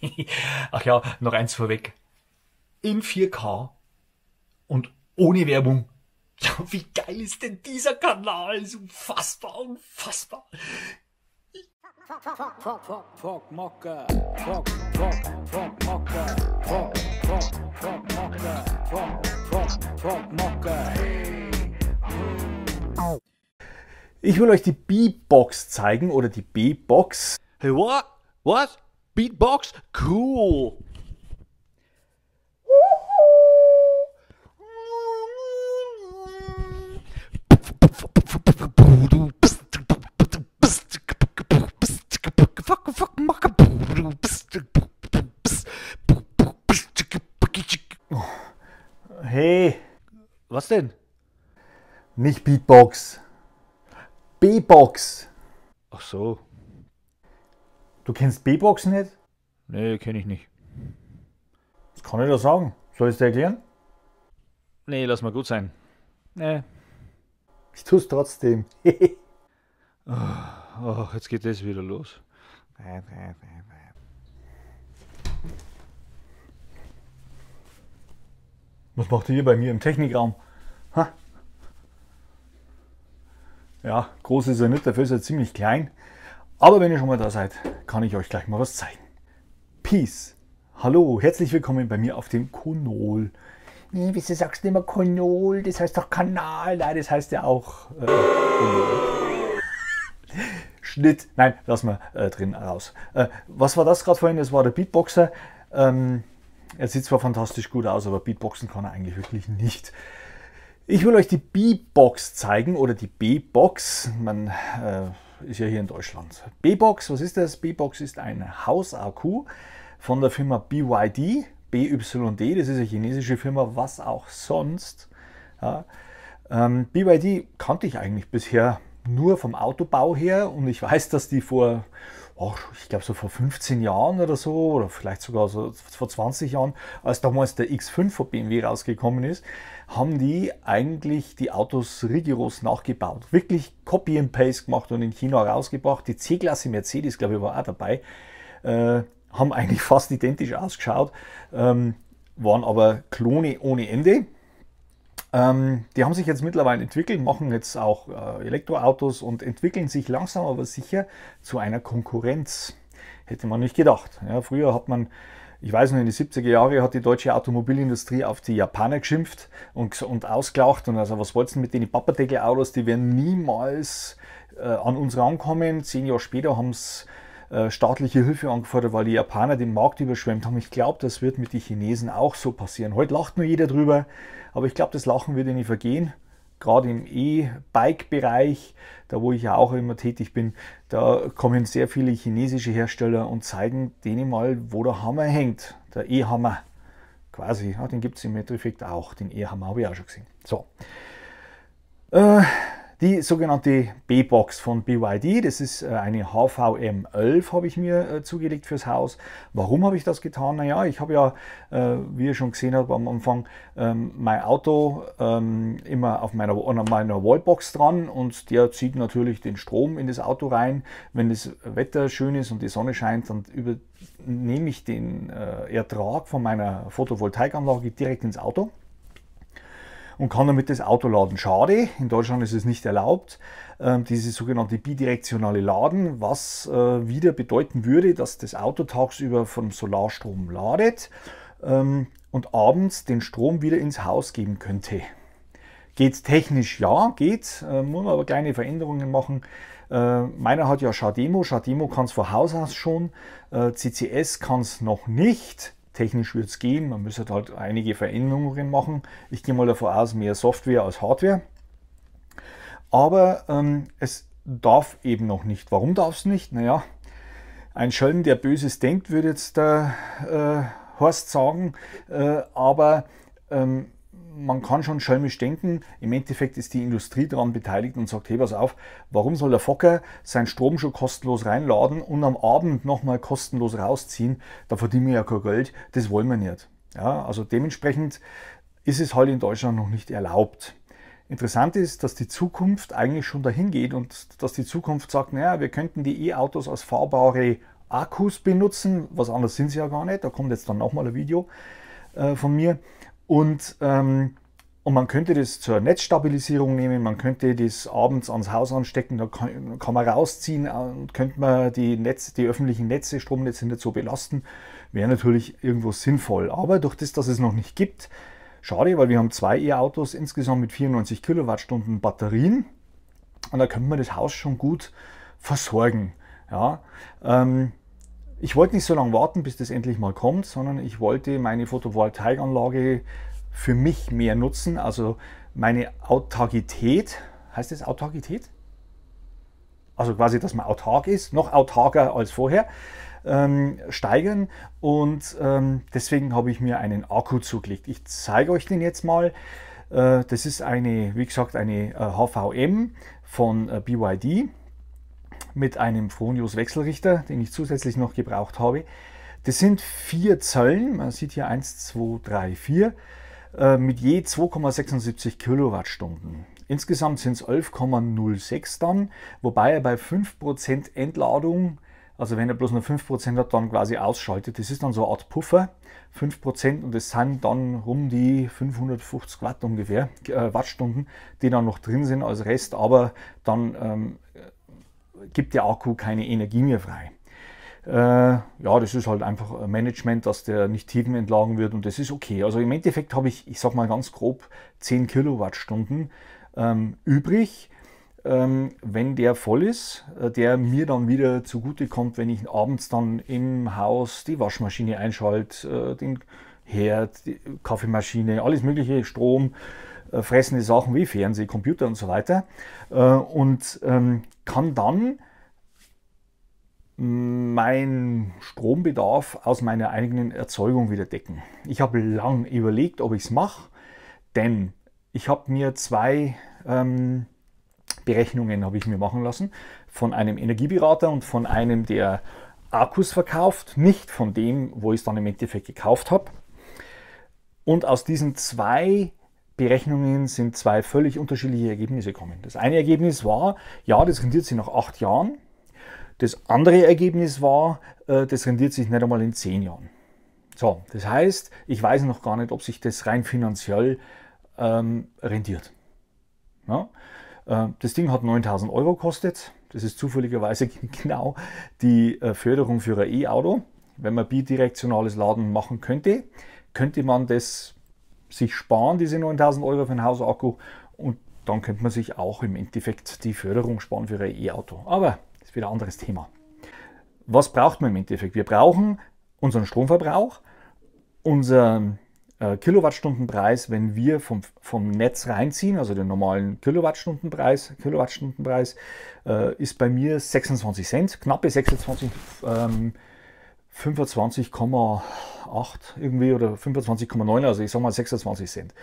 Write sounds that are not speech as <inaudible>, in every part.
<laughs> Ach ja, noch eins vorweg. In 4K und ohne Werbung. Ja, wie geil ist denn dieser Kanal? Ist unfassbar, unfassbar. Ich will euch die B-Box zeigen oder die B-Box. Hey, what? What? Beatbox? Cool. Hey. Was denn? Nicht Beatbox. B-Box. Ach so. Du kennst B-Box nicht? Nee, kenne ich nicht. Das kann ich dir sagen. Soll ich es dir erklären? Nee, lass mal gut sein. Nee. Ich tue es trotzdem. oh, <laughs> oh, jetzt geht das wieder los. Was macht ihr hier bei mir im Technikraum? Ha? Ja, groß ist er nicht, dafür ist er ziemlich klein. Aber wenn ihr schon mal da seid, kann ich euch gleich mal was zeigen. Peace. Hallo, herzlich willkommen bei mir auf dem Konol. Nee, wieso sagst du immer Konol? Das heißt doch Kanal. Nein, das heißt ja auch äh, <laughs> Schnitt. Nein, lass mal äh, drin raus. Äh, was war das gerade vorhin? Das war der Beatboxer. Ähm, er sieht zwar fantastisch gut aus, aber Beatboxen kann er eigentlich wirklich nicht. Ich will euch die B-Box zeigen oder die B-Box. Man äh, ist ja hier in Deutschland. B-Box, was ist das? B-Box ist ein Hausakku von der Firma BYD, BYD, das ist eine chinesische Firma, was auch sonst. Ja. Ähm, BYD kannte ich eigentlich bisher nur vom Autobau her und ich weiß, dass die vor, oh, ich glaube so vor 15 Jahren oder so, oder vielleicht sogar so vor 20 Jahren, als damals der X5 von BMW rausgekommen ist, haben die eigentlich die Autos rigoros nachgebaut. Wirklich Copy and Paste gemacht und in China rausgebracht. Die C-Klasse Mercedes, glaube ich, war auch dabei. Äh, haben eigentlich <laughs> fast identisch ausgeschaut, ähm, waren aber Klone ohne Ende. Ähm, die haben sich jetzt mittlerweile entwickelt, machen jetzt auch äh, Elektroautos und entwickeln sich langsam aber sicher zu einer Konkurrenz. Hätte man nicht gedacht. Ja, früher hat man ich weiß noch, in die 70er Jahre hat die deutsche Automobilindustrie auf die Japaner geschimpft und, und ausgelacht. Und also, was wollt ihr mit den Papadeckel-Autos? Die werden niemals äh, an uns rankommen. Zehn Jahre später haben's äh, staatliche Hilfe angefordert, weil die Japaner den Markt überschwemmt haben. Ich glaube, das wird mit den Chinesen auch so passieren. Heute lacht nur jeder drüber, aber ich glaube, das Lachen wird ihnen vergehen gerade im E-Bike-Bereich, da wo ich ja auch immer tätig bin, da kommen sehr viele chinesische Hersteller und zeigen denen mal, wo der Hammer hängt, der E-Hammer quasi. Ja, den gibt es im Endeffekt auch, den E-Hammer habe ich auch schon gesehen. So. Äh, die sogenannte B-Box von BYD, das ist äh, eine HVM11, habe ich mir äh, zugelegt fürs Haus. Warum habe ich das getan? Naja, ich habe ja, äh, wie ihr schon gesehen habt am Anfang, ähm, mein Auto ähm, immer auf meiner, an meiner Wallbox dran und der zieht natürlich den Strom in das Auto rein. Wenn das Wetter schön ist und die Sonne scheint, dann übernehme ich den Ertrag von meiner Photovoltaikanlage direkt ins Auto und kann damit das Auto laden. Schade, in Deutschland ist es nicht erlaubt, ähm, dieses sogenannte bidirektionale Laden, was äh, wieder bedeuten würde, dass das Auto tagsüber vom Solarstrom ladet ähm, und abends den Strom wieder ins Haus geben könnte. Geht's technisch? Ja, geht. Äh, muss man aber kleine Veränderungen machen. Äh, meiner hat ja Schademo. Schademo kann es von Haus aus schon. Äh, CCS kann es noch nicht. Technisch wird es gehen, man müsste halt, halt einige Veränderungen machen. Ich gehe mal davon aus, mehr Software als Hardware. Aber ähm, es darf eben noch nicht. Warum darf es nicht? Naja, ein Schelm, der Böses denkt, würde jetzt der äh, Horst sagen. Äh, aber ähm, man kann schon schelmisch denken, im Endeffekt ist die Industrie daran beteiligt und sagt, hey, pass auf, warum soll der Focker seinen Strom schon kostenlos reinladen und am Abend nochmal kostenlos rausziehen? Da verdienen wir ja kein Geld, das wollen wir nicht. Ja, also dementsprechend ist es halt in Deutschland noch nicht erlaubt. Interessant ist, dass die Zukunft eigentlich schon dahin geht und dass die Zukunft sagt, naja, wir könnten die E-Autos als fahrbare Akkus benutzen, was anders sind sie ja gar nicht, da kommt jetzt dann nochmal ein Video äh, von mir. Und, ähm, und man könnte das zur Netzstabilisierung nehmen, man könnte das abends ans Haus anstecken, da kann, kann man rausziehen äh, und könnte man die, Netz, die öffentlichen Netze, Stromnetze nicht so belasten. Wäre natürlich irgendwo sinnvoll. Aber durch das, dass es noch nicht gibt, schade, weil wir haben zwei E-Autos insgesamt mit 94 Kilowattstunden Batterien. Und da könnte man das Haus schon gut versorgen. Ja, ähm, ich wollte nicht so lange warten, bis das endlich mal kommt, sondern ich wollte meine Photovoltaikanlage für mich mehr nutzen, also meine Autarkität, heißt das Autarkität? Also quasi, dass man autark ist, noch autarker als vorher, ähm, steigern. Und ähm, deswegen habe ich mir einen Akku zugelegt. Ich zeige euch den jetzt mal. Äh, das ist eine, wie gesagt, eine äh, HVM von äh, BYD mit einem Fronius Wechselrichter, den ich zusätzlich noch gebraucht habe. Das sind vier Zöllen, man sieht hier 1, 2, 3, 4, mit je 2,76 Kilowattstunden. Insgesamt sind es 11,06 dann, wobei er bei 5% Entladung, also wenn er bloß nur 5% hat, dann quasi ausschaltet. Das ist dann so eine Art Puffer, 5% und das sind dann rum die 550 Watt ungefähr, äh, Wattstunden, die dann noch drin sind als Rest, aber dann ähm, gibt der Akku keine Energie mehr frei. Äh, ja, das ist halt einfach Management, dass der nicht tiefenentlagen wird und das ist okay. Also im Endeffekt habe ich, ich sag mal ganz grob, 10 Kilowattstunden ähm, übrig. Ähm, wenn der voll ist, äh, der mir dann wieder zugutekommt, wenn ich abends dann im Haus die Waschmaschine einschalte, äh, den Herd, die Kaffeemaschine, alles mögliche, Strom, äh, fressende Sachen wie Fernseh, Computer und so weiter. Äh, und ähm, kann dann mein Strombedarf aus meiner eigenen Erzeugung wieder decken. Ich habe lang überlegt, ob ich es mache, denn ich habe mir zwei ähm, Berechnungen habe ich mir machen lassen von einem Energieberater und von einem, der Akkus verkauft, nicht von dem, wo ich es dann im Endeffekt gekauft habe. Und aus diesen zwei Berechnungen sind zwei völlig unterschiedliche Ergebnisse gekommen. Das eine Ergebnis war, ja, das rendiert sich nach acht Jahren. Das andere Ergebnis war, äh, das rendiert sich nicht einmal in zehn Jahren. So, das heißt, ich weiß noch gar nicht, ob sich das rein finanziell ähm, rendiert. Ja? Äh, das Ding hat 9000 Euro gekostet. Das ist zufälligerweise <laughs> genau die äh, Förderung für ein E-Auto. Wenn man bidirektionales Laden machen könnte, könnte man das sich sparen, diese 9000 Euro für einen Hausakku. Und dann könnte man sich auch im Endeffekt die Förderung sparen für ein E-Auto. Aber das ist wieder ein anderes Thema. Was braucht man im Endeffekt? Wir brauchen unseren Stromverbrauch, unseren äh, Kilowattstundenpreis, wenn wir vom, vom Netz reinziehen, also den normalen Kilowattstundenpreis, Kilowattstundenpreis äh, ist bei mir 26 Cent, knappe 26, ähm, 25, 25,8 irgendwie oder 25,9, also ich sage mal 26 Cent.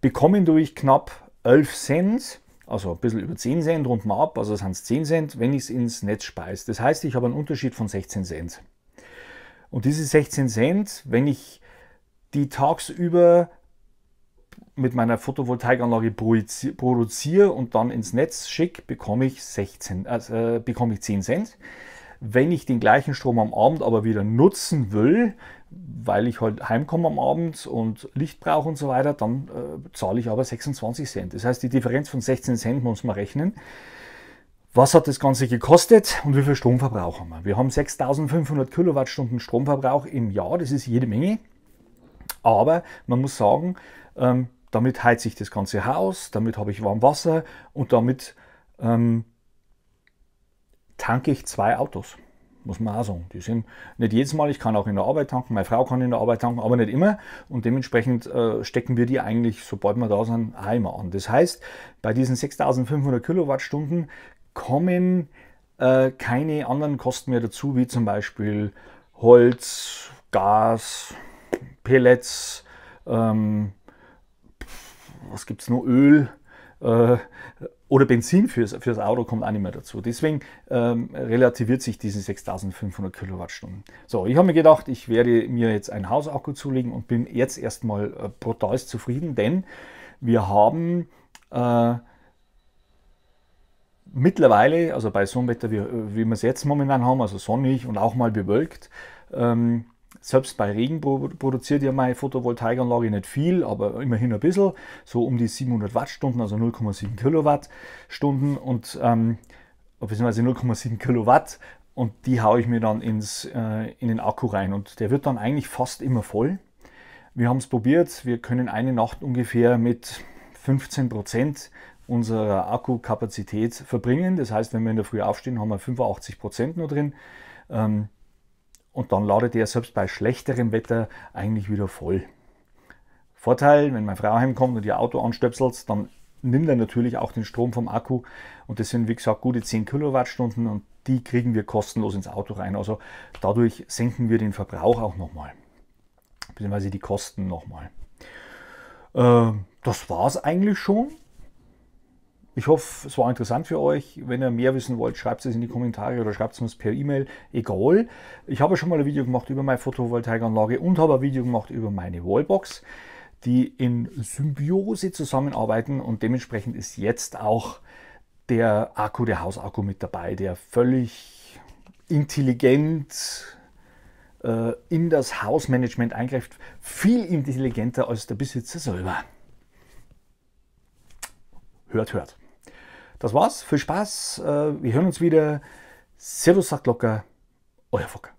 Bekommen durch knapp 11 Cent, also ein bisschen über 10 Cent, rund mal ab, also sind es 10 Cent, wenn ich es ins Netz speise. Das heißt, ich habe einen Unterschied von 16 Cent. Und diese 16 Cent, wenn ich die tagsüber mit meiner Photovoltaikanlage produziere und dann ins Netz schicke, bekomme ich, 16, äh, äh, bekomme ich 10 Cent wenn ich den gleichen Strom am Abend aber wieder nutzen will, weil ich halt heimkomme am Abend und Licht brauche und so weiter, dann äh, zahle ich aber 26 Cent. Das heißt, die Differenz von 16 Cent muss man rechnen. Was hat das Ganze gekostet und wie viel Stromverbrauch haben wir? Wir haben 6500 Kilowattstunden Stromverbrauch im Jahr, das ist jede Menge. Aber man muss sagen, ähm, damit heize ich das ganze Haus, damit habe ich warm Wasser und damit ähm, tanke ich zwei Autos. Muss man auch sagen. Die sind nicht jedes Mal, ich kann auch in der Arbeit tanken, meine Frau kann in der Arbeit tanken, aber nicht immer. Und dementsprechend äh, stecken wir die eigentlich, sobald wir da sind, einmal an. Das heißt, bei diesen 6500 Kilowattstunden kommen äh, keine anderen Kosten mehr dazu, wie zum Beispiel Holz, Gas, Pellets, ähm, was gibt es noch, Öl, äh, oder Benzin fürs, fürs Auto kommt auch nicht mehr dazu. Deswegen ähm, relativiert sich diese 6500 Kilowattstunden. So, ich habe mir gedacht, ich werde mir jetzt einen Hausakku zulegen und bin jetzt erstmal äh, brutal zufrieden, denn wir haben äh, mittlerweile, also bei so einem Wetter, wie, äh, wie wir es jetzt momentan haben, also sonnig und auch mal bewölkt, ähm, selbst bei Regen produziert ja meine Photovoltaikanlage nicht viel, aber immerhin ein bisschen, so um die 700 Wattstunden, also 0,7 Kilowattstunden und ähm, 0,7 Kilowatt und die haue ich mir dann ins, äh, in den Akku rein und der wird dann eigentlich fast immer voll. Wir haben es probiert, wir können eine Nacht ungefähr mit 15 Prozent unserer Akkukapazität verbringen. Das heißt, wenn wir in der Früh aufstehen, haben wir 85 Prozent nur drin. Ähm, und dann ladet er selbst bei schlechterem Wetter eigentlich wieder voll. Vorteil, wenn meine Frau heimkommt und ihr Auto anstöpselt, dann nimmt er natürlich auch den Strom vom Akku und das sind wie gesagt gute 10 Kilowattstunden und die kriegen wir kostenlos ins Auto rein. Also dadurch senken wir den Verbrauch auch nochmal, beziehungsweise die Kosten nochmal. Äh, das war es eigentlich schon. Ich hoffe, es war interessant für euch. Wenn ihr mehr wissen wollt, schreibt es in die Kommentare oder schreibt es uns per E-Mail. Egal. Ich habe schon mal ein Video gemacht über meine Photovoltaikanlage und habe ein Video gemacht über meine Wallbox, die in Symbiose zusammenarbeiten und dementsprechend ist jetzt auch der Akku, der Hausakku mit dabei, der völlig intelligent äh, in das Hausmanagement eingreift, viel intelligenter als der Besitzer selber. Hört, hört. Das war's. Viel Spaß. Äh, wir hören uns wieder. Servus, sagt locker. Euer Fokker.